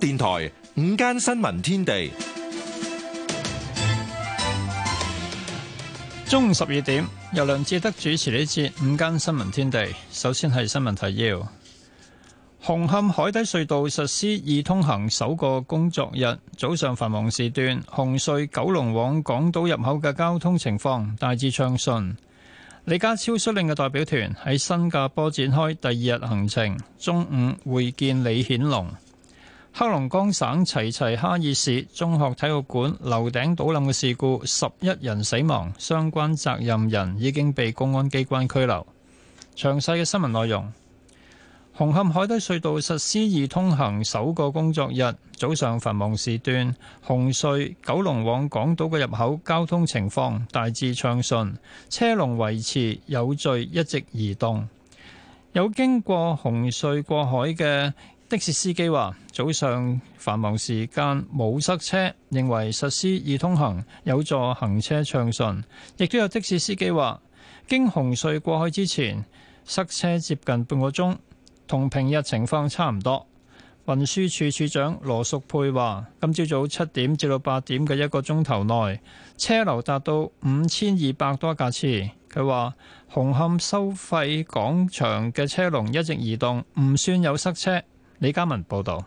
電台午間新聞天地，中午十二點由梁智德主持呢節午間新聞天地。首先係新聞提要：紅磡海底隧道實施易通行首個工作日早上繁忙時段，紅隧九龍往港島入口嘅交通情況大致暢順。李家超率領嘅代表團喺新加坡展開第二日行程，中午會見李顯龍。黑龍江省齊齊哈爾市中學體育館樓頂倒冧嘅事故，十一人死亡，相關責任人已經被公安機關拘留。詳細嘅新聞內容。紅磡海底隧道實施易通行首個工作日早上繁忙時段，紅隧九龍往港島嘅入口交通情況大致暢順，車龍維持有序一直移動。有經過紅隧過海嘅。的士司機話：早上繁忙時間冇塞車，認為實施易通行有助行車暢順。亦都有的士司機話，經紅隧過去之前塞車接近半個鐘，同平日情況差唔多。運輸署署，署長羅淑佩話：今朝早七點至到八點嘅一個鐘頭內，車流達到五千二百多架次。佢話紅磡收費廣場嘅車龍一直移動，唔算有塞車。李嘉文報道，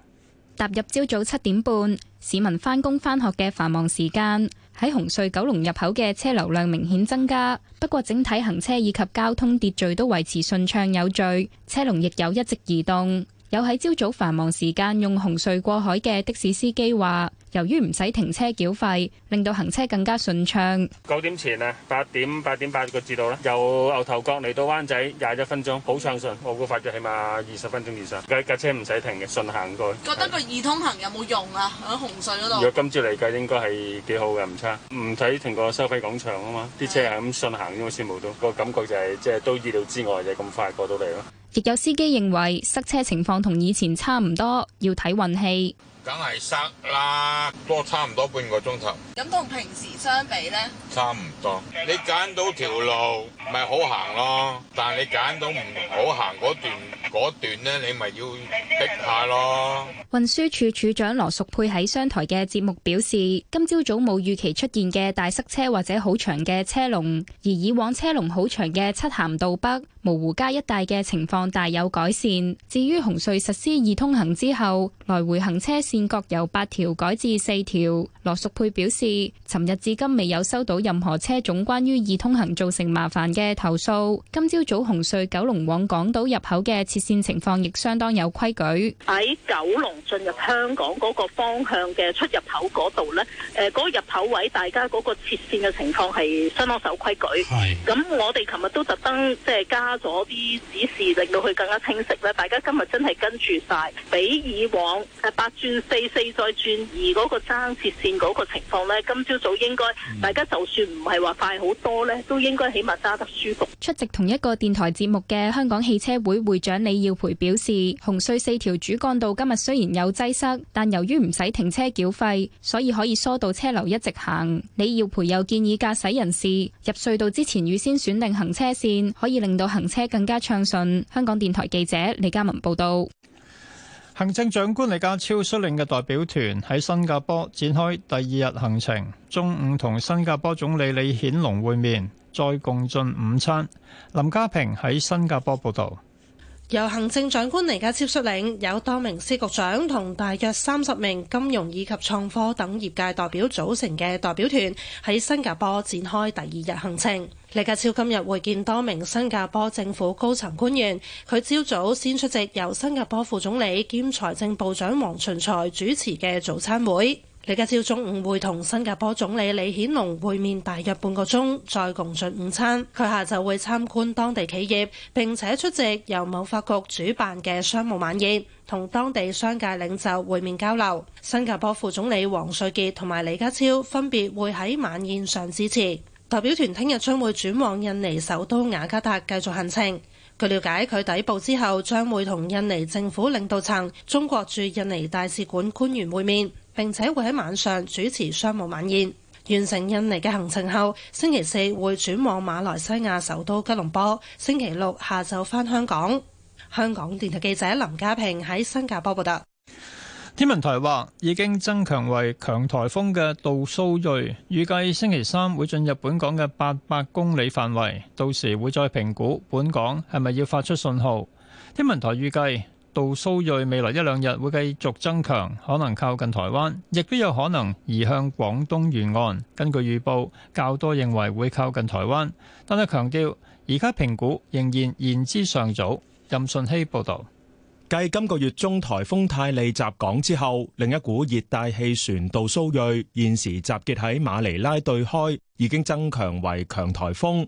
踏入朝早七點半，市民返工返學嘅繁忙時間，喺紅隧九龍入口嘅車流量明顯增加，不過整體行車以及交通秩序都維持順暢有序，車龍亦有一直移動。有喺朝早繁忙時間用紅隧過海嘅的士司機話由於唔使停車繳費，令到行車更加順暢。九點前啊，八點八點八個字到啦，由牛頭角嚟到灣仔廿一分鐘，好暢順，我估快咗起碼二十分鐘以上。架架車唔使停嘅，順行過去。覺得個二通行有冇用啊？喺紅隧嗰度。如果今朝嚟計，應該係幾好嘅，唔差。唔使停個收費廣場啊嘛，啲車係咁順行咗先冇到。個感覺就係即係都意料之外就咁快過到嚟咯。亦有司機認為塞車情況同以前差唔多，要睇運氣。梗係塞啦，多差唔多半個鐘頭。咁同平時相比咧，差唔多。你揀到條路咪好行咯，但係你揀到唔好行嗰段嗰段咧，你咪要逼下咯。運輸署署長羅淑佩喺商台嘅節目表示，今朝早冇預期出現嘅大塞車或者好長嘅車龍，而以往車龍好長嘅漆咸道北、蕪湖街一帶嘅情況大有改善。至於紅隧實施易通行之後，來回行車線各由八條改至四條。羅淑佩表示，尋日至今未有收到任何車種關於易通行造成麻煩嘅投訴。今朝早紅隧九龍往港島入口嘅切綫情況亦相當有規矩。喺九龍進入香港嗰個方向嘅出入口嗰度咧，誒，嗰個入口位大家嗰個切綫嘅情況係相當守規矩。係。咁我哋琴日都特登即係加咗啲指示，令到佢更加清晰咧。大家今日真係跟住晒，比以往誒八轉。四四再轉移嗰個爭切線嗰個情況呢，今朝早應該大家就算唔係話快好多呢，都應該起碼揸得舒服。出席同一個電台節目嘅香港汽車會會長李耀培表示，紅隧四條主幹道今日雖然有擠塞，但由於唔使停車繳費，所以可以疏導車流一直行。李耀培又建議駕駛人士入隧道之前預先選定行車線，可以令到行車更加暢順。香港電台記者李嘉文報道。行政長官李家超率領嘅代表團喺新加坡展開第二日行程，中午同新加坡總理李顯龍會面，再共進午餐。林家平喺新加坡報道。由行政長官李家超率領，有多名司局長同大約三十名金融以及創科等業界代表組成嘅代表團喺新加坡展開第二日行程。李家超今日會見多名新加坡政府高層官員。佢朝早先出席由新加坡副總理兼財政部長黃循財主持嘅早餐會。李家超中午會同新加坡總理李顯龍會面，大約半個鐘再共進午餐。佢下晝會參觀當地企業，並且出席由貿發局主辦嘅商務晚宴，同當地商界領袖會面交流。新加坡副總理王瑞杰同埋李家超分別會喺晚宴上致辭。代表團聽日將會轉往印尼首都雅加達繼續行程。據了解，佢抵埗之後將會同印尼政府領導層、中國駐印尼大使館官員會面，並且會喺晚上主持商務晚宴。完成印尼嘅行程後，星期四會轉往馬來西亞首都吉隆坡，星期六下晝返香港。香港電台記者林家平喺新加坡報導。天文台話已經增強為強台風嘅杜蘇芮，預計星期三會進入本港嘅八百公里範圍，到時會再評估本港係咪要發出信號。天文台預計杜蘇芮未來一兩日會繼續增強，可能靠近台灣，亦都有可能移向廣東沿岸。根據預報，較多認為會靠近台灣，但係強調而家評估仍然言之尚早。任順希報道。繼今個月中台風泰利襲港之後，另一股熱帶氣旋杜蘇芮，現時集結喺馬尼拉對開，已經增強為強台風。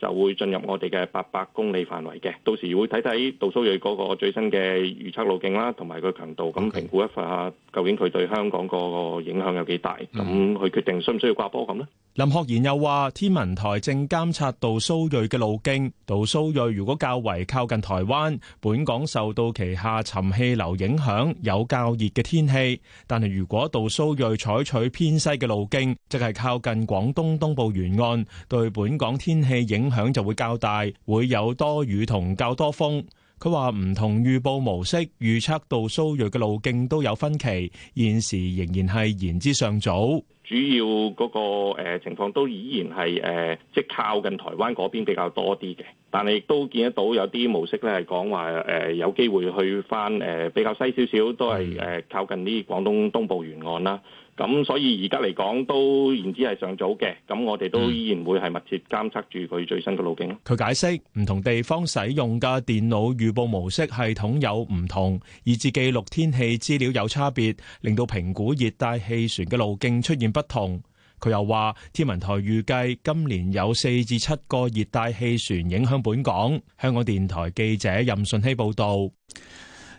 就會進入我哋嘅八百公里範圍嘅，到時會睇睇杜蘇芮嗰個最新嘅預測路徑啦，同埋個強度，咁評估一下究竟佢對香港個影響有幾大，咁去決定需唔需要掛波咁咧？林學賢又話：天文台正監察杜蘇芮嘅路徑，杜蘇芮如果較為靠近台灣，本港受到其下沉氣流影響，有較熱嘅天氣；但係如果杜蘇芮採取偏西嘅路徑，即係靠近廣東東部沿岸，對本港天氣影響就會較大，會有多雨同較多風。佢話唔同預報模式預測到蘇瑞嘅路徑都有分歧，現時仍然係言之尚早。主要嗰個誒情況都依然係誒，即係靠近台灣嗰邊比較多啲嘅，但係亦都見得到有啲模式咧係講話誒有機會去返誒比較西少少，都係誒靠近啲廣東東部沿岸啦。咁所以而家嚟講都言之係尚早嘅，咁我哋都依然會係密切監測住佢最新嘅路徑。佢、嗯、解釋唔同地方使用嘅電腦預報模式系統有唔同，以致記錄天氣資料有差別，令到評估熱帶氣旋嘅路徑出現不同。佢又話天文台預計今年有四至七個熱帶氣旋影響本港。香港電台記者任順希報導。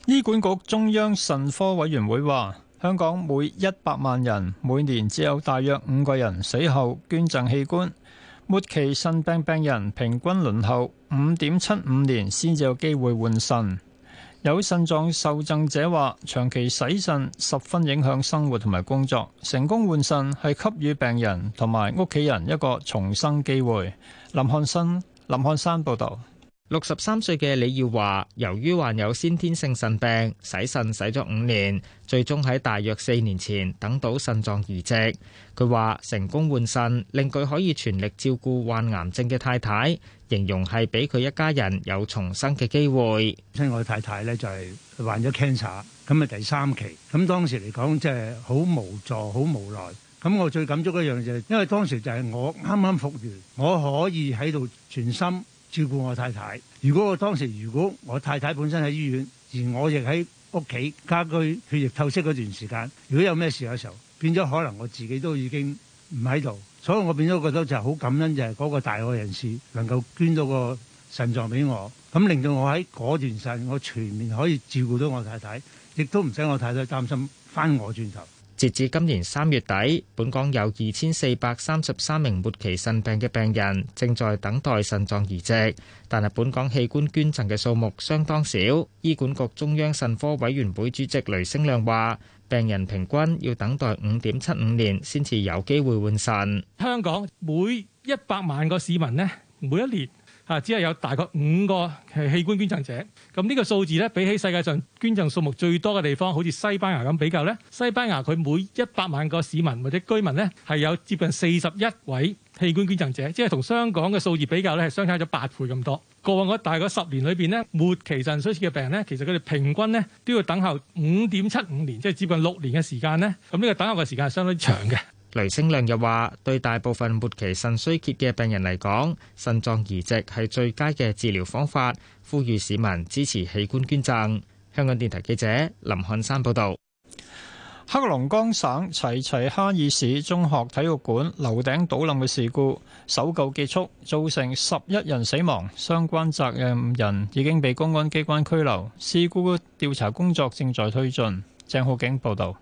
醫管局中央腎科委員會話。香港每一百萬人每年只有大約五個人死後捐贈器官。末期腎病病人平均輪候五點七五年先至有機會換腎。有腎臟受贈者話：長期洗腎十分影響生活同埋工作。成功換腎係給予病人同埋屋企人一個重生機會。林漢生林漢山報導。六十三歲嘅李耀華，由於患有先天性腎病，洗腎洗咗五年，最終喺大約四年前等到腎臟移植。佢話成功換腎，令佢可以全力照顧患癌症嘅太太，形容係俾佢一家人有重生嘅機會。親我太太咧就係患咗 cancer，咁啊第三期，咁當時嚟講即係好無助、好無奈。咁我最感觸一樣嘢，因為當時就係我啱啱復原，我可以喺度全心照顧我太太。如果我當時如果我太太本身喺醫院，而我亦喺屋企家居血液透析嗰段時間，如果有咩事嘅時候，變咗可能我自己都已經唔喺度，所以我變咗覺得就好感恩，就係嗰個大愛人士能夠捐到個腎臟俾我，咁令到我喺嗰段時間我全面可以照顧到我太太，亦都唔使我太太擔心翻我轉頭。截至今年三月底，本港有二千四百三十三名末期腎病嘅病人正在等待腎臟移植，但係本港器官捐贈嘅數目相當少。醫管局中央腎科委員會主席雷聲亮話，病人平均要等待五點七五年先至有機會換腎。香港每一百萬個市民呢，每一年。啊！只係有大概五個器官捐贈者，咁呢個數字咧，比起世界上捐贈數目最多嘅地方，好似西班牙咁比較咧，西班牙佢每一百萬個市民或者居民咧，係有接近四十一位器官捐贈者，即係同香港嘅數字比較咧，係相差咗八倍咁多。過往嗰大概十年裏邊咧，末期腎衰竭嘅病人咧，其實佢哋平均咧都要等候五點七五年，即係接近六年嘅時間咧，咁呢個等候嘅時間係相當長嘅。雷星亮又話：對大部分末期腎衰竭嘅病人嚟講，腎臟移植係最佳嘅治療方法，呼籲市民支持器官捐贈。香港電台記者林漢山報道。黑龍江省齊齊哈爾市中學體育館樓頂倒冧嘅事故搜救結束，造成十一人死亡，相關責任人已經被公安機關拘留。事故調查工作正在推進。鄭浩景報道。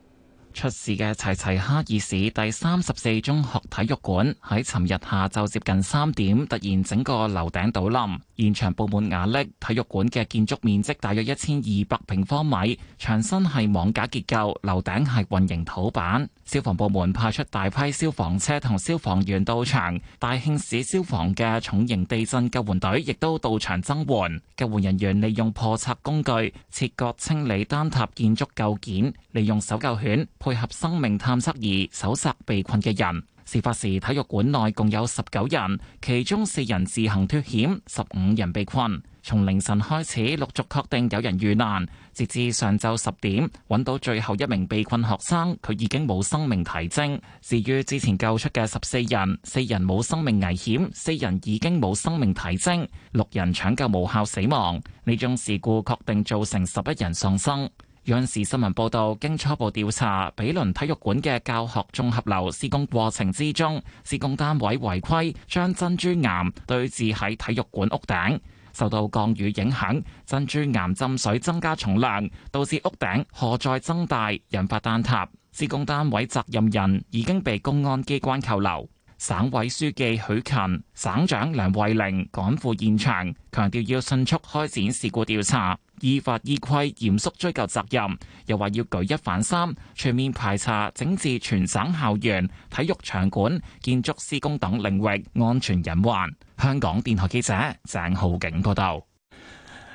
出事嘅齊齊哈爾市第三十四中學體育館喺尋日下晝接近三點突然整個樓頂倒冧，現場布滿瓦礫。體育館嘅建築面積大約一千二百平方米，牆身係網架結構，樓頂係混凝土板。消防部門派出大批消防車同消防員到場，大慶市消防嘅重型地震救援隊亦都到場增援。救援人員利用破拆工具切割清理坍塌建築構件，利用搜救犬配合生命探測儀搜尋被困嘅人。事發時體育館內共有十九人，其中四人自行脱險，十五人被困。從凌晨開始陸續確定有人遇難，直至上晝十點，揾到最後一名被困學生，佢已經冇生命體徵。至於之前救出嘅十四人，四人冇生命危險，四人已經冇生命體徵，六人搶救無效死亡。呢宗事故確定造成十一人喪生。央視新聞報道，經初步調查，比鄰體育館嘅教學綜合樓施工過程之中，施工單位違規將珍珠岩堆置喺體育館屋頂。受到降雨影響，珍珠岩浸水增加重量，導致屋頂荷載增大，引發坍塌。施工單位責任人已經被公安機關扣留。省委書記許勤、省長梁慧玲趕赴現場強調要迅速開展事故調查，依法依規嚴肅追究責任。又話要舉一反三，全面排查整治全省校園體育場館建築施工等領域安全隱患。香港電台記者鄭浩景報道，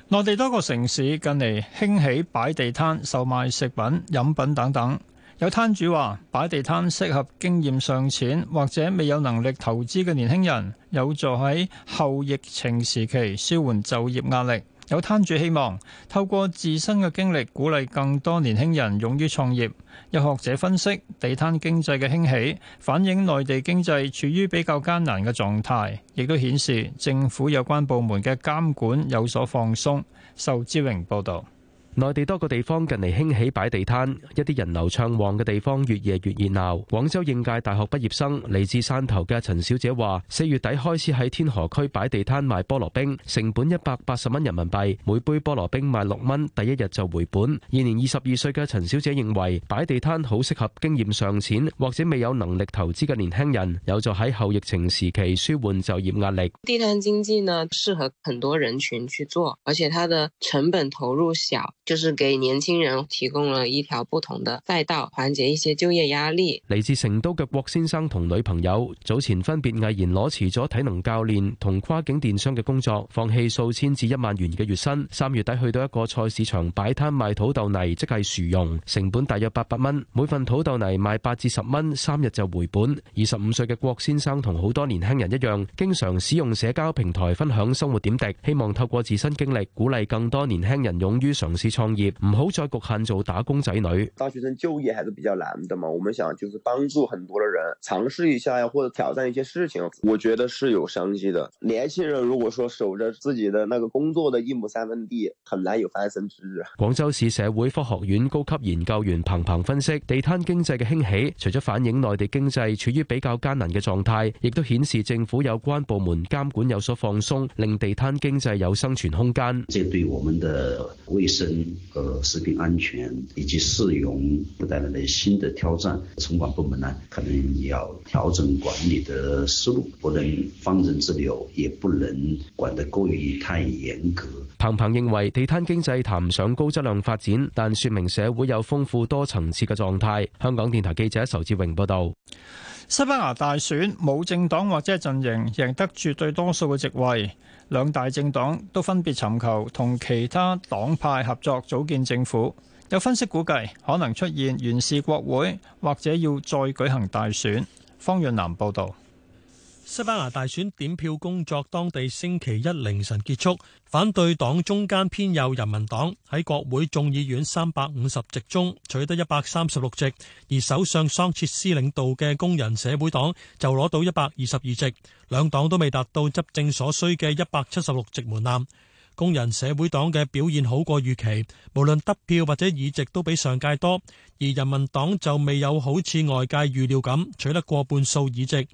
內地多個城市近嚟興起擺地攤售賣食品、飲品等等。有攤主話，擺地攤適合經驗尚淺或者未有能力投資嘅年輕人，有助喺後疫情時期舒緩就業壓力。有攤主希望透過自身嘅經歷鼓勵更多年輕人勇於創業，有學者分析，地攤經濟嘅興起反映內地經濟處於比較艱難嘅狀態，亦都顯示政府有關部門嘅監管有所放鬆，仇志榮報道。內地多個地方近嚟興起擺地攤，一啲人流暢旺嘅地方越夜越熱鬧。廣州應屆大學畢業生嚟自汕頭嘅陳小姐話，四月底開始喺天河區擺地攤賣菠蘿冰，成本一百八十蚊人民幣，每杯菠蘿冰賣六蚊，第一日就回本。現年二十二歲嘅陳小姐認為，擺地攤好適合經驗尚淺或者未有能力投資嘅年輕人，有助喺後疫情時期舒緩就業壓力。地攤經濟呢，適合很多人群去做，而且它的成本投入小。就是給年輕人提供了一條不同的賽道，緩解一些就業壓力。嚟自成都嘅郭先生同女朋友早前分別毅然攞辭咗體能教練同跨境電商嘅工作，放棄數千至一萬元嘅月薪。三月底去到一個菜市場擺攤賣土豆泥，即係薯蓉，成本大約八百蚊，每份土豆泥賣八至十蚊，三日就回本。二十五歲嘅郭先生同好多年輕人一樣，經常使用社交平台分享生活點滴，希望透過自身經歷鼓勵更多年輕人勇於嘗試。創業唔好再局限做打工仔女。大學生就業還是比較難的嘛，我們想就是幫助很多的人嘗試一下呀，或者挑戰一些事情。我覺得是有商機的。年輕人如果說守着自己的那個工作的一畝三分地，很難有翻身之日。廣州市社會科學院高級研究員彭彭分析，地攤經濟嘅興起，除咗反映內地經濟處於比較艱難嘅狀態，亦都顯示政府有關部門監管有所放鬆，令地攤經濟有生存空間。這對我們的衛生。個食品安全以及市容，不帶來的新的挑戰，城管部門呢，可能要調整管理的思路，不能放任自流，也不能管得過於太嚴格。彭鵬認為，地攤經濟談唔上高質量發展，但說明社會有豐富多層次嘅狀態。香港電台記者仇志榮報道。西班牙大選冇政黨或者陣營贏得絕對多數嘅席位，兩大政黨都分別尋求同其他黨派合作組建政府。有分析估計可能出現懸峙國會，或者要再舉行大選。方潤南報導。西班牙大選點票工作，當地星期一凌晨結束。反對黨中間偏右人民黨喺國會眾議院三百五十席中取得一百三十六席，而首相桑切斯領導嘅工人社會黨就攞到一百二十二席。兩黨都未達到執政所需嘅一百七十六席門檻。工人社會黨嘅表現好過預期，無論得票或者議席都比上屆多，而人民黨就未有好似外界預料咁取得過半數議席。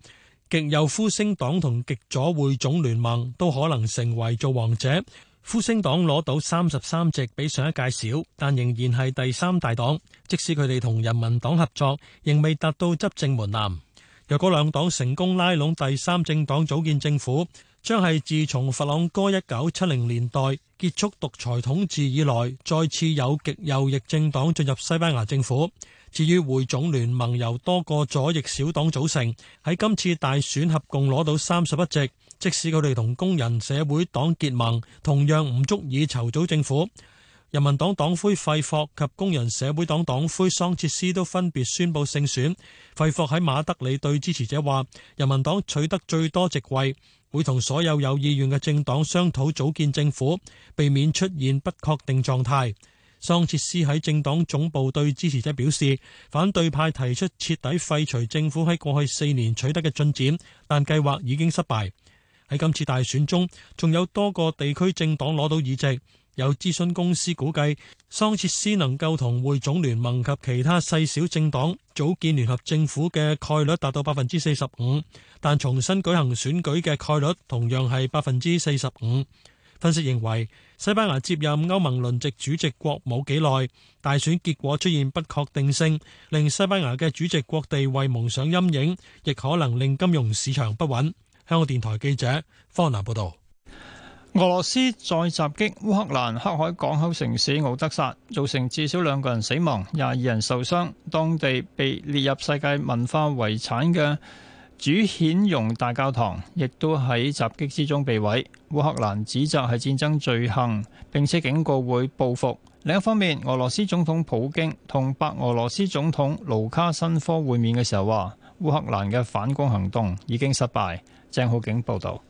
極右呼聲黨同極左匯總聯盟都可能成為造王者。呼聲黨攞到三十三席，比上一屆少，但仍然係第三大黨。即使佢哋同人民黨合作，仍未達到執政門檻。若果兩黨成功拉攏第三政黨組建政府，將係自從佛朗哥一九七零年代結束獨裁統治以來，再次有極右翼政黨進入西班牙政府。至於匯總聯盟由多個左翼小黨組成，喺今次大選合共攞到三十一席，即使佢哋同工人社會黨結盟，同樣唔足以籌組政府。人民黨黨，黨魁費霍及工人社會黨黨魁桑切斯都分別宣布勝選。費霍喺馬德里對支持者話：「人民黨取得最多席位。」會同所有有意願嘅政黨商討組建政府，避免出現不確定狀態。桑切斯喺政黨總部對支持者表示，反對派提出徹底廢除政府喺過去四年取得嘅進展，但計劃已經失敗。喺今次大選中，仲有多個地區政黨攞到議席。有諮詢公司估計，桑切斯能夠同匯總聯盟及其他細小小政黨組建聯合政府嘅概率達到百分之四十五，但重新舉行選舉嘅概率同樣係百分之四十五。分析認為，西班牙接任歐盟輪值主席國冇幾耐，大選結果出現不確定性，令西班牙嘅主席國地位蒙上陰影，亦可能令金融市場不穩。香港電台記者方南報道。俄羅斯再襲擊烏克蘭黑海港口城市敖德薩，造成至少兩個人死亡，廿二人受傷。當地被列入世界文化遺產嘅主顯容大教堂，亦都喺襲擊之中被毀。烏克蘭指責係戰爭罪行，並且警告會報復。另一方面，俄羅斯總統普京同白俄羅斯總統盧卡申科會面嘅時候話，烏克蘭嘅反攻行動已經失敗。鄭浩景報道。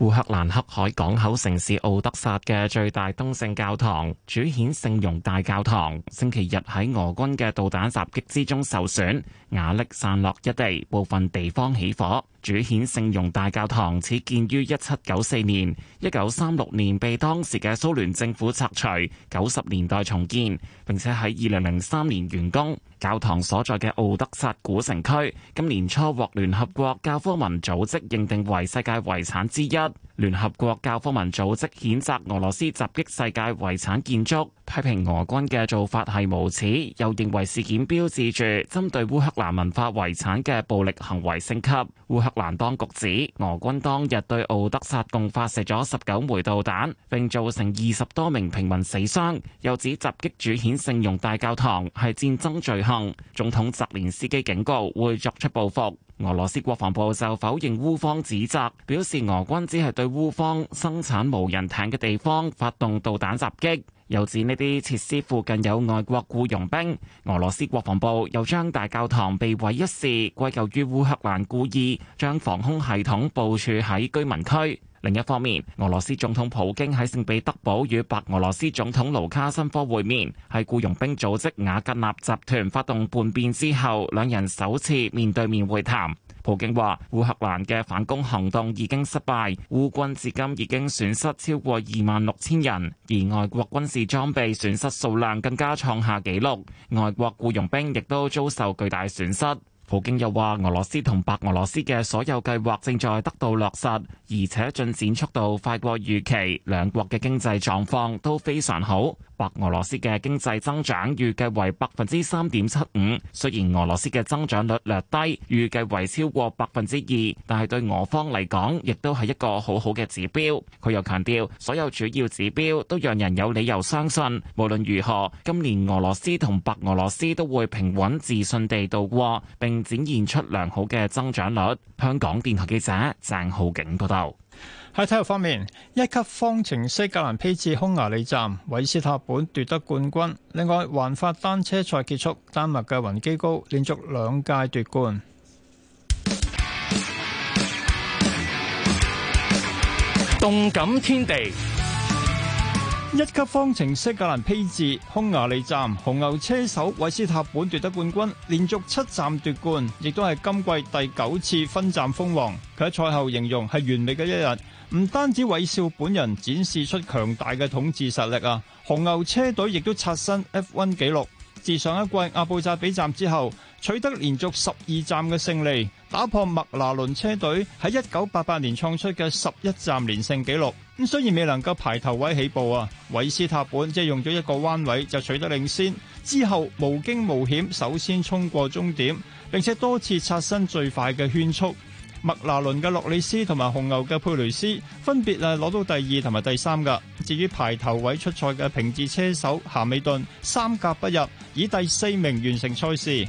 烏克蘭黑海港口城市敖德薩嘅最大東正教堂，主顯聖容大教堂星期日喺俄軍嘅導彈襲擊之中受損。瓦礫散落一地，部分地方起火。主顯聖容大教堂始建於一七九四年，一九三六年被當時嘅蘇聯政府拆除，九十年代重建，並且喺二零零三年完工。教堂所在嘅奧德薩古城區，今年初獲聯合國教科文組織認定為世界遺產之一。聯合國教科文組織譴責俄羅斯襲擊世界遺產建築，批評俄軍嘅做法係無恥，又認為事件標誌住針對烏克蘭文化遺產嘅暴力行為升級，烏克蘭當局指俄軍當日對奧德薩共發射咗十九枚導彈，並造成二十多名平民死傷，又指襲擊主顯聖容大教堂係戰爭罪行。總統澤連斯基警告會作出報復。俄羅斯國防部就否認烏方指責，表示俄軍只係對烏方生產無人艇嘅地方發動導彈襲擊，又指呢啲設施附近有外國僱傭兵。俄羅斯國防部又將大教堂被毀一事歸咎於烏克蘭故意將防空系統部署喺居民區。另一方面，俄羅斯總統普京喺聖彼得堡與白俄羅斯總統盧卡申科會面，喺僱傭兵組織瓦格納集團發動叛變之後，兩人首次面對面會談。普京話：烏克蘭嘅反攻行動已經失敗，烏軍至今已經損失超過二萬六千人，而外國軍事裝備損失數量更加創下紀錄，外國僱傭兵亦都遭受巨大損失。普京又話：俄羅斯同白俄羅斯嘅所有計劃正在得到落實，而且進展速度快過預期。兩國嘅經濟狀況都非常好。白俄羅斯嘅經濟增長預計為百分之三點七五，雖然俄羅斯嘅增長率略低，預計為超過百分之二，但係對俄方嚟講，亦都係一個好好嘅指標。佢又強調，所有主要指標都讓人有理由相信，無論如何，今年俄羅斯同白俄羅斯都會平穩自信地度過。並展現出良好嘅增長率。香港電台記者鄭浩景報道。喺體育方面，一級方程式格蘭披治匈牙利站，維斯塔本奪得冠軍。另外，環法單車賽結束，丹麥嘅雲基高連續兩屆奪冠。動感天地。一級方程式格蘭披治匈牙利站，紅牛車手韋斯塔本奪得冠軍，連續七站奪冠，亦都係今季第九次分站封王。佢喺賽後形容係完美嘅一日，唔單止韋少本人展示出強大嘅統治實力啊，紅牛車隊亦都刷新 F1 紀錄。自上一季阿布扎比站之後，取得連續十二站嘅勝利，打破麥拿倫車隊喺一九八八年創出嘅十一站連勝紀錄。咁雖然未能夠排頭位起步啊，韋斯塔本即係用咗一個彎位就取得領先，之後無驚無險首先衝過終點，並且多次刷新最快嘅圈速。麥拿倫嘅諾里斯同埋紅牛嘅佩雷斯分別係攞到第二同埋第三㗎。至於排頭位出賽嘅平治車手夏美頓，三甲不入，以第四名完成賽事。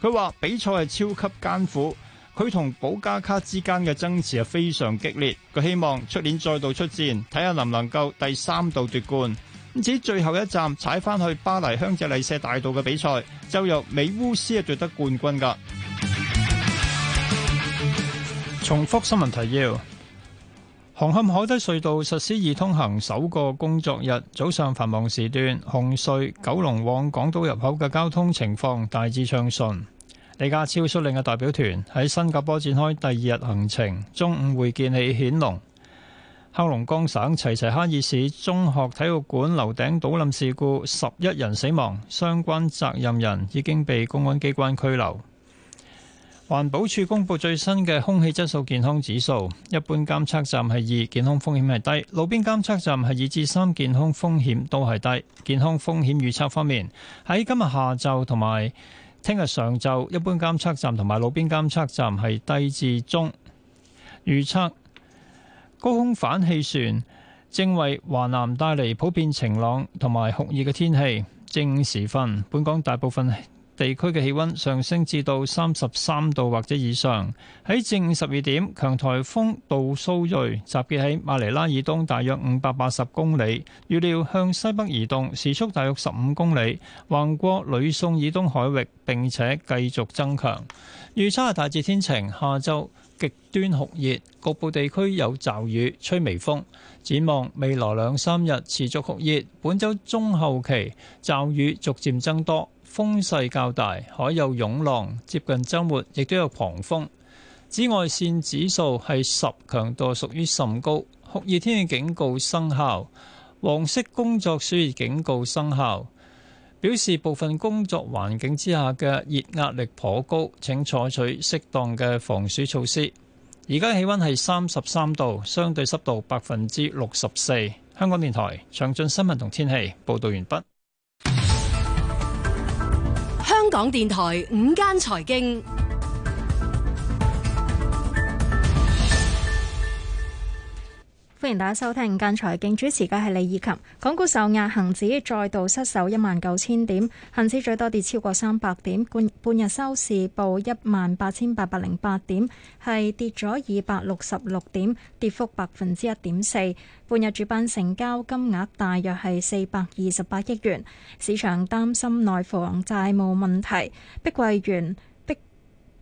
佢話比賽係超級艱苦，佢同保加卡之間嘅爭持係非常激烈。佢希望出年再度出戰，睇下能唔能夠第三度奪冠。至於最後一站踩翻去巴黎香榭麗舍大道嘅比賽，就由美烏斯啊奪得冠軍㗎。重複新聞提要。紅磡海底隧道實施易通行首個工作日早上繁忙時段，紅隧九龍往港島入口嘅交通情況大致暢順。李家超率領嘅代表團喺新加坡展開第二日行程，中午會見李顯龍。黑龍江省齊齊哈爾市中學體育館樓頂倒冧事故，十一人死亡，相關責任人已經被公安機關拘留。環保署公布最新嘅空氣質素健康指數，一般監測站係二，健康風險係低；路邊監測站係二至三，健康風險都係低。健康風險預測方面，喺今日下晝同埋聽日上晝，一般監測站同埋路邊監測站係低至中預測。高空反氣旋正為華南帶嚟普遍晴朗同埋酷熱嘅天氣。正午時分，本港大部分。地區嘅氣温上升至到三十三度或者以上。喺正十二點，強颱風杜蘇芮，集結喺馬尼拉以東大約五百八十公里，預料向西北移動，時速大約十五公里，橫過呂宋以東海域並且繼續增強。預測係大致天晴，下晝極端酷熱，局部地區有驟雨，吹微風。展望未來兩三日持續酷熱，本周中後期驟雨逐漸增多。風勢較大，海有湧浪，接近周末亦都有狂風。紫外線指數係十，強度屬於甚高，酷熱天氣警告生效，黃色工作暑熱警告生效，表示部分工作環境之下嘅熱壓力頗高，請採取適當嘅防暑措施。而家氣温係三十三度，相對濕度百分之六十四。香港電台詳盡新聞同天氣報道完畢。港電台午間財經。歡迎大家收聽《午間財經》，主持嘅係李以琴。港股受壓，恒指再度失守一萬九千點，恒指最多跌超過三百點，半半日收市報一萬八千八百零八點，係跌咗二百六十六點，跌幅百分之一點四。半日主板成交金額大約係四百二十八億元。市場擔心內房債務問題，碧桂園。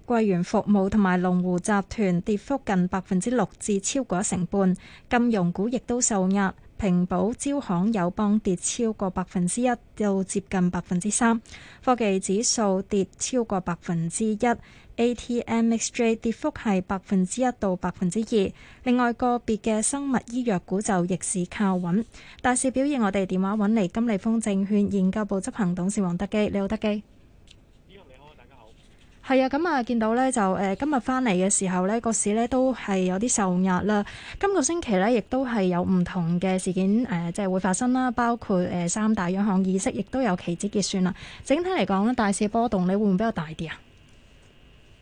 桂園服務同埋龍湖集團跌幅近百分之六，至超過一成半。金融股亦都受壓，平保、招行、友邦跌超過百分之一到接近百分之三。科技指數跌超過百分之一，ATMXJ 跌幅係百分之一到百分之二。另外個別嘅生物醫藥股就逆市靠穩。大市表現，我哋電話揾嚟，金利豐證券研究部執行董事王德基，你好，德基。係啊，咁啊、嗯、見到咧就誒、呃、今日翻嚟嘅時候咧，個市咧都係有啲受壓啦。今個星期咧，亦都係有唔同嘅事件誒，即、呃、係會發生啦，包括誒、呃、三大央行議息，亦都有期指結算啦。整體嚟講咧，大市波動你會唔會比較大啲啊？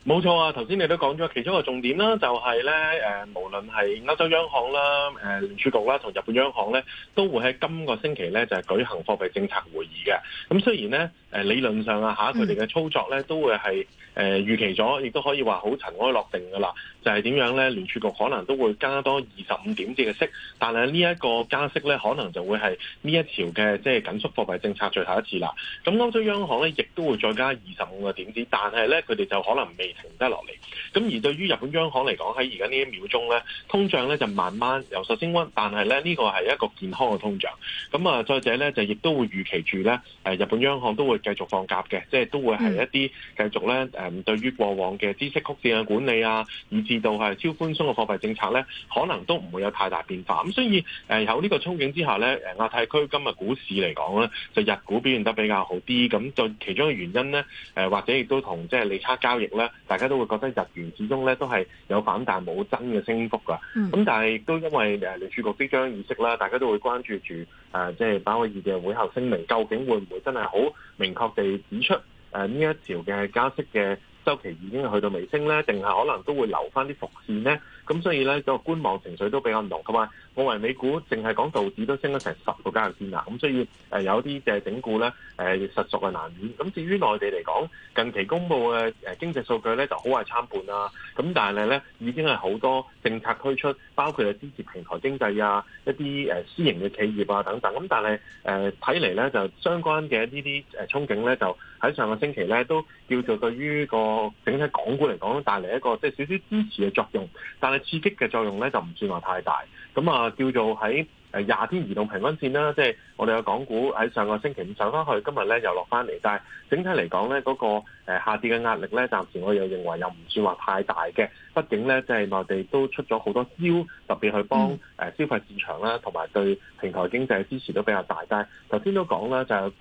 冇錯啊，頭先你都講咗，其中一個重點啦、就是，就係咧誒，無論係歐洲央行啦、誒、呃、聯儲局啦同日本央行咧，都會喺今個星期咧就係、是、舉行貨幣政策會議嘅。咁雖然呢。誒理論上啊，嚇佢哋嘅操作咧都會係誒、呃、預期咗，亦都可以話好塵埃落定㗎啦。就係、是、點樣咧？聯儲局可能都會加多二十五點子嘅息，但係呢一個加息咧，可能就會係呢一條嘅即係緊縮貨幣政策最後一次啦。咁歐洲央行咧，亦都會再加二十五個點子，但係咧佢哋就可能未停得落嚟。咁而對於日本央行嚟講，喺而家呢一秒鐘咧，通脹咧就慢慢由率升溫，但係咧呢個係一個健康嘅通脹。咁啊，再者咧就亦都會預期住咧誒日本央行都會。繼續放鴿嘅，即係都會係一啲繼續咧誒，對於過往嘅知識曲線嘅管理啊，以至到係超寬鬆嘅貨幣政策咧，可能都唔會有太大變化。咁所以誒有呢個憧憬之下咧，誒亞太區今日股市嚟講咧，就日股表現得比較好啲。咁就其中嘅原因咧，誒或者亦都同即係利差交易咧，大家都會覺得日元始終咧都係有反彈冇增嘅升幅㗎。咁但係都因為誒聯儲局即將議息啦，大家都會關注住。誒，即係鮑威爾嘅會後聲明，究竟會唔會真係好明確地指出誒呢、啊、一條嘅加息嘅周期已經去到尾聲咧，定係可能都會留翻啲伏線咧？咁所以咧個觀望情緒都比較濃，同埋我聞美股淨係講道指都升咗成十個交易天啊！咁、嗯、所以誒有啲嘅整固咧誒、呃、實屬嘅難免。咁、嗯、至於內地嚟講，近期公佈嘅誒經濟數據咧就好壞參半啊！咁但係咧已經係好多政策推出，包括係支持平台經濟啊、一啲誒私營嘅企業啊等等。咁、嗯、但係誒睇嚟咧就相關嘅呢啲誒憧憬咧，就喺上個星期咧都叫做對於個整體港股嚟講，講帶嚟一個即係少少支持嘅作用，但刺激嘅作用咧就唔算話太大，咁啊叫做喺誒廿天移動平均線啦，即係我哋嘅港股喺上個星期五上翻去，今日咧又落翻嚟，但係整體嚟講咧嗰個下跌嘅壓力咧，暫時我又認為又唔算話太大嘅，畢竟咧即係內地都出咗好多招，特別去幫誒消費市場啦，同埋對平台經濟嘅支持都比較大。但係頭先都講啦，就誒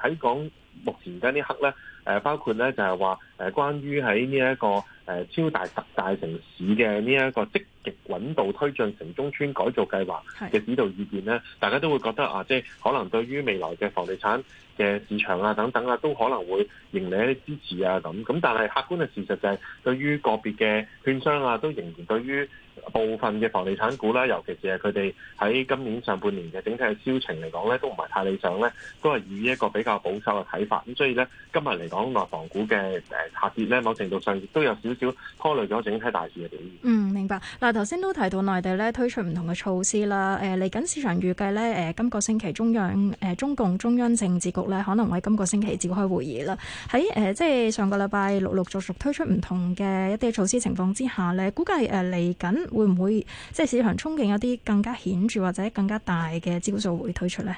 喺講目前而家呢刻咧，誒包括咧就係話誒關於喺呢一個。誒超大特大城市嘅呢一個積極穩步推進城中村改造計劃嘅指導意見咧，大家都會覺得啊，即係可能對於未來嘅房地產嘅市場啊等等啊，都可能會迎嚟一啲支持啊咁。咁但係客觀嘅事實就係、是，對於個別嘅券商啊，都仍然對於。部分嘅房地產股啦，尤其是係佢哋喺今年上半年嘅整體嘅銷情嚟講咧，都唔係太理想咧，都係以一個比較保守嘅睇法。咁所以咧，今日嚟講內房股嘅誒下跌咧，某程度上亦都有少少拖累咗整體大市嘅表現。嗯，明白。嗱、啊，頭先都提到內地咧推出唔同嘅措施啦。誒、呃，嚟緊市場預計咧誒、呃，今個星期中央誒、呃、中共中央政治局咧，可能會喺今個星期召開會議啦。喺誒即係上個禮拜陸陸續續推出唔同嘅一啲措施情況之下咧，估計誒嚟緊。呃呃呃會唔會即係市場憧憬有啲更加顯著或者更加大嘅招數會推出咧？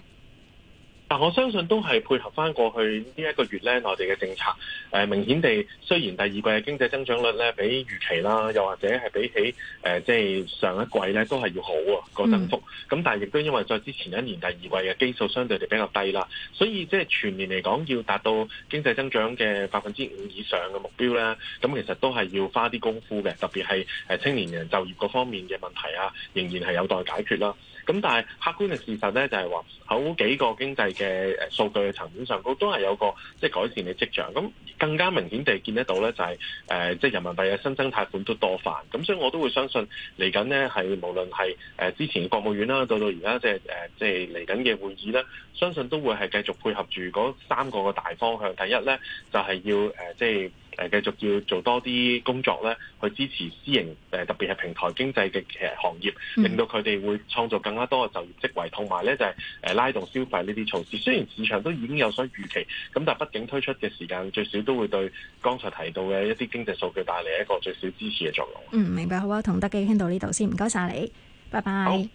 但我相信都係配合翻過去呢一個月咧，內地嘅政策，誒、呃、明顯地雖然第二季嘅經濟增長率咧比預期啦，又或者係比起誒、呃、即係上一季咧都係要好啊，那個增幅，咁但係亦都因為在之前一年第二季嘅基數相對地比較低啦，所以即係全年嚟講要達到經濟增長嘅百分之五以上嘅目標咧，咁其實都係要花啲功夫嘅，特別係誒青年人就業嗰方面嘅問題啊，仍然係有待解決啦。咁但係客觀嘅事實咧，就係話好幾個經濟嘅誒數據嘅層面上，佢都係有個即係改善嘅跡象。咁更加明顯地見得到咧、就係呃，就係誒即係人民幣嘅新增貸款都多翻。咁所以我都會相信嚟緊咧，係無論係誒之前嘅國務院啦，到到而家即係誒即係嚟緊嘅會議咧，相信都會係繼續配合住嗰三個嘅大方向。第一咧，就係、是、要誒即係。呃就係誒，繼續要做多啲工作咧，去支持私營誒，特別係平台經濟嘅行業，令到佢哋會創造更加多嘅就業職位，同埋咧就係誒拉動消費呢啲措施。雖然市場都已經有所預期，咁但係畢竟推出嘅時間最少都會對剛才提到嘅一啲經濟數據帶嚟一個最少支持嘅作用。嗯，明白好啊，同德基傾到呢度先，唔該晒你，拜拜。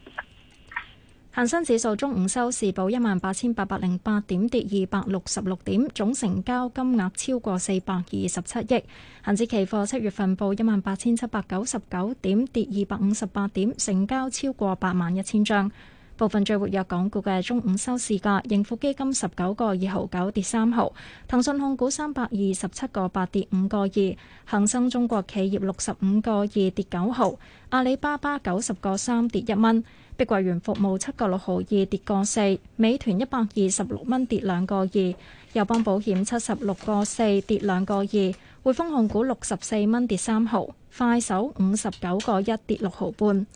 恒生指數中午收市報一萬八千八百零八點，跌二百六十六點，總成交金額超過四百二十七億。恒指期貨七月份報一萬八千七百九十九點，跌二百五十八點，成交超過八萬一千張。部分最活躍港股嘅中午收市價，盈富基金十九個二毫九跌三毫，騰訊控股三百二十七個八跌五個二，恒生中國企業六十五個二跌九毫，阿里巴巴九十個三跌一蚊，碧桂園服務七個六毫二跌個四，美團一百二十六蚊跌兩個二，友邦保險七十六個四跌兩個二，匯豐控股六十四蚊跌三毫，快手五十九個一跌六毫半。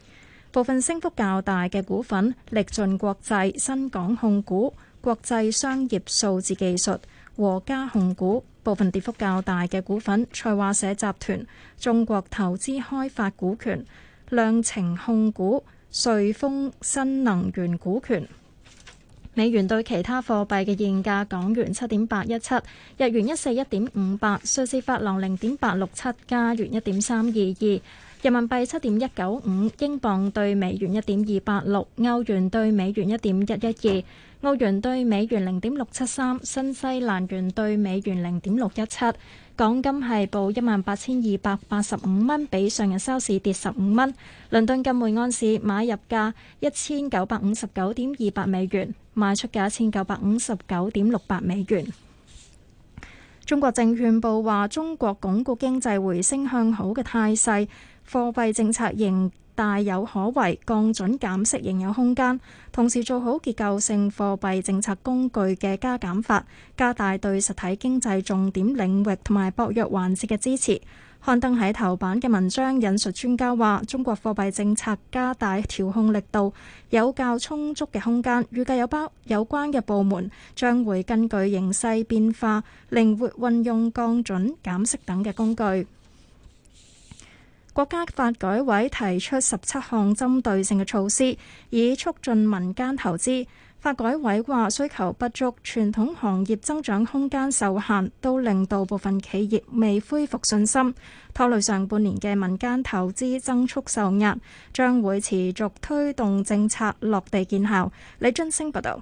部分升幅較大嘅股份：力進國際、新港控股、國際商業數字技術、和家控股。部分跌幅較大嘅股份：蔡華社集團、中國投資開發股權、量程控股、瑞豐新能源股權。美元對其他貨幣嘅現價：港元七點八一七，日元一四一點五八，瑞士法郎零點八六七，加元一點三二二。人民幣七點一九五，英鎊對美元一點二八六，歐元對美元一點一一二，澳元對美元零點六七三，新西蘭元對美元零點六一七。港金係報一萬八千二百八十五蚊，比上日收市跌十五蚊。倫敦金每安士買入價一千九百五十九點二百美元，賣出價一千九百五十九點六八美元。中國證券報話：中國鞏固經濟回升向好嘅態勢。貨幣政策仍大有可為，降準減息仍有空間，同時做好結構性貨幣政策工具嘅加減法，加大對實體經濟重點領域同埋薄弱環節嘅支持。刊登喺頭版嘅文章引述專家話：中國貨幣政策加大調控力度，有較充足嘅空間，預計有包有關嘅部門將會根據形勢變化，靈活運用降準、減息等嘅工具。國家發改委提出十七項針對性嘅措施，以促進民間投資。發改委話：需求不足、傳統行業增長空間受限，都令到部分企業未恢復信心。拖累上半年嘅民間投資增速受壓，將會持續推動政策落地見效。李津升報道。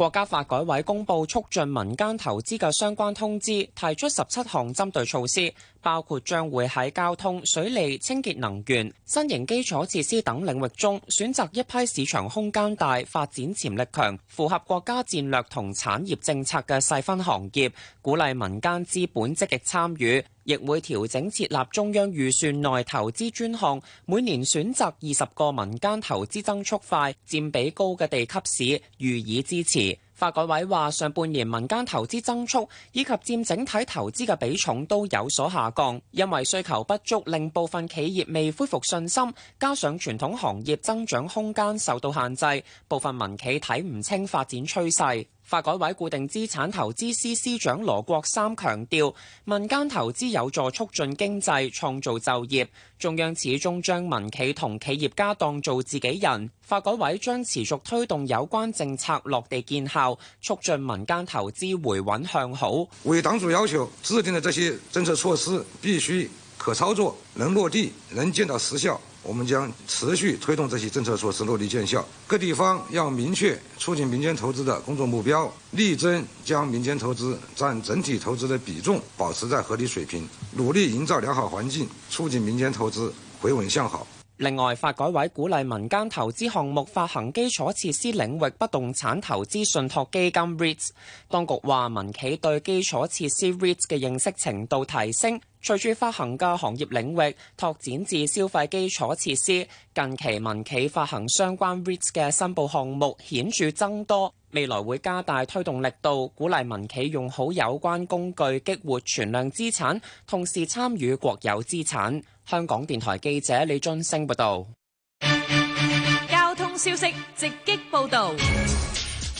國家發改委公布促進民間投資嘅相關通知，提出十七項針對措施，包括將會喺交通、水利、清潔能源、新型基礎設施等領域中，選擇一批市場空間大、發展潛力強、符合國家戰略同產業政策嘅細分行業，鼓勵民間資本積極參與。亦會調整設立中央預算內投資專項，每年選擇二十個民間投資增速快、佔比高嘅地級市予以支持。發改委話，上半年民間投資增速以及佔整體投資嘅比重都有所下降，因為需求不足令部分企業未恢復信心，加上傳統行業增長空間受到限制，部分民企睇唔清發展趨勢。發改委固定資產投資司司長羅國三強調，民間投資有助促進經濟創造就業。中央始終將民企同企業家當做自己人。發改委將持續推動有關政策落地見效，促進民間投資回穩向好。委黨組要求制定的這些政策措施必須可操作、能落地、能見到實效。我們將持續推動這些政策措施落地見效，各地方要明確促進民間投資的工作目標，力爭將民間投資占整體投資的比重保持在合理水平，努力營造良好環境，促進民間投資回穩向好。另外，發改委鼓勵民間投資項目發行基礎設施領域不動產投資信託基金 REITs。當局話，民企對基礎設施 REITs 嘅認識程度提升。隨住發行嘅行業領域拓展至消費基礎設施，近期民企發行相關 REITs 嘅申報項目顯著增多。未來會加大推動力度，鼓勵民企用好有關工具，激活存量資產，同時參與國有資產。香港電台記者李晉星報道。交通消息直擊報導。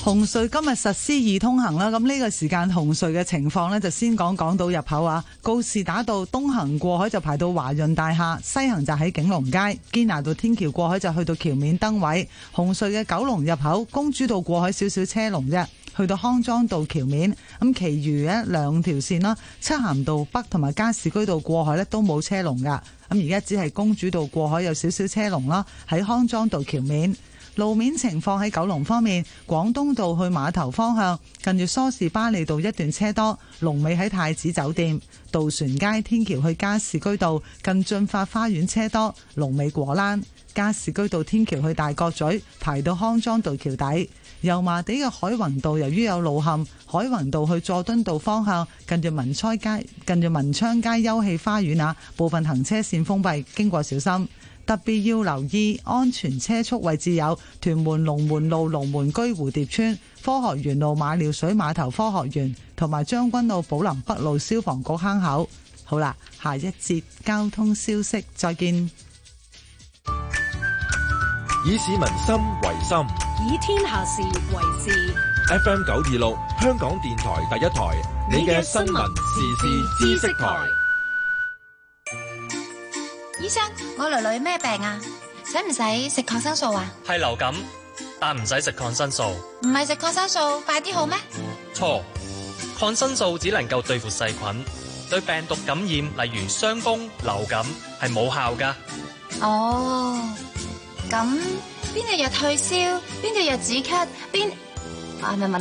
紅隧今日實施易通行啦，咁呢個時間紅隧嘅情況呢，就先講港島入口啊，告士打道東行過海就排到華潤大廈，西行就喺景隆街，堅拿道天橋過海就去到橋面登位。紅隧嘅九龍入口，公主道過海少少車龍啫，去到康莊道橋面，咁其餘呢兩條線啦，漆咸道北同埋加士居道過海呢都冇車龍噶，咁而家只係公主道過海有少少車龍啦，喺康莊道橋面。路面情況喺九龍方面，廣東道去碼頭方向近住梳士巴利道一段車多，龍尾喺太子酒店；渡船街天橋去加士居道近進發花園車多，龍尾果欄；加士居道天橋去大角咀排到康莊道橋底。油麻地嘅海雲道由於有路陷，海雲道去佐敦道方向近住文塞街、近住文昌街休憩花園啊，部分行車線封閉，經過小心。特別要留意安全車速位置有屯門龍門路龍門居蝴蝶村、科學園路馬料水碼頭、科學園同埋將軍澳寶林北路消防局坑口。好啦，下一節交通消息再見。以市民心為心，以天下事為事。F M 九二六，香港電台第一台，你嘅新聞時事知識台。先生，我女女咩病啊？使唔使食抗生素啊？係流感，但唔使食抗生素。唔係食抗生素，快啲好咩？錯，抗生素只能夠對付細菌，對病毒感染，例如傷風、流感，係冇效㗎。哦，咁邊隻藥退燒？邊隻藥止咳？邊？啊咪咪。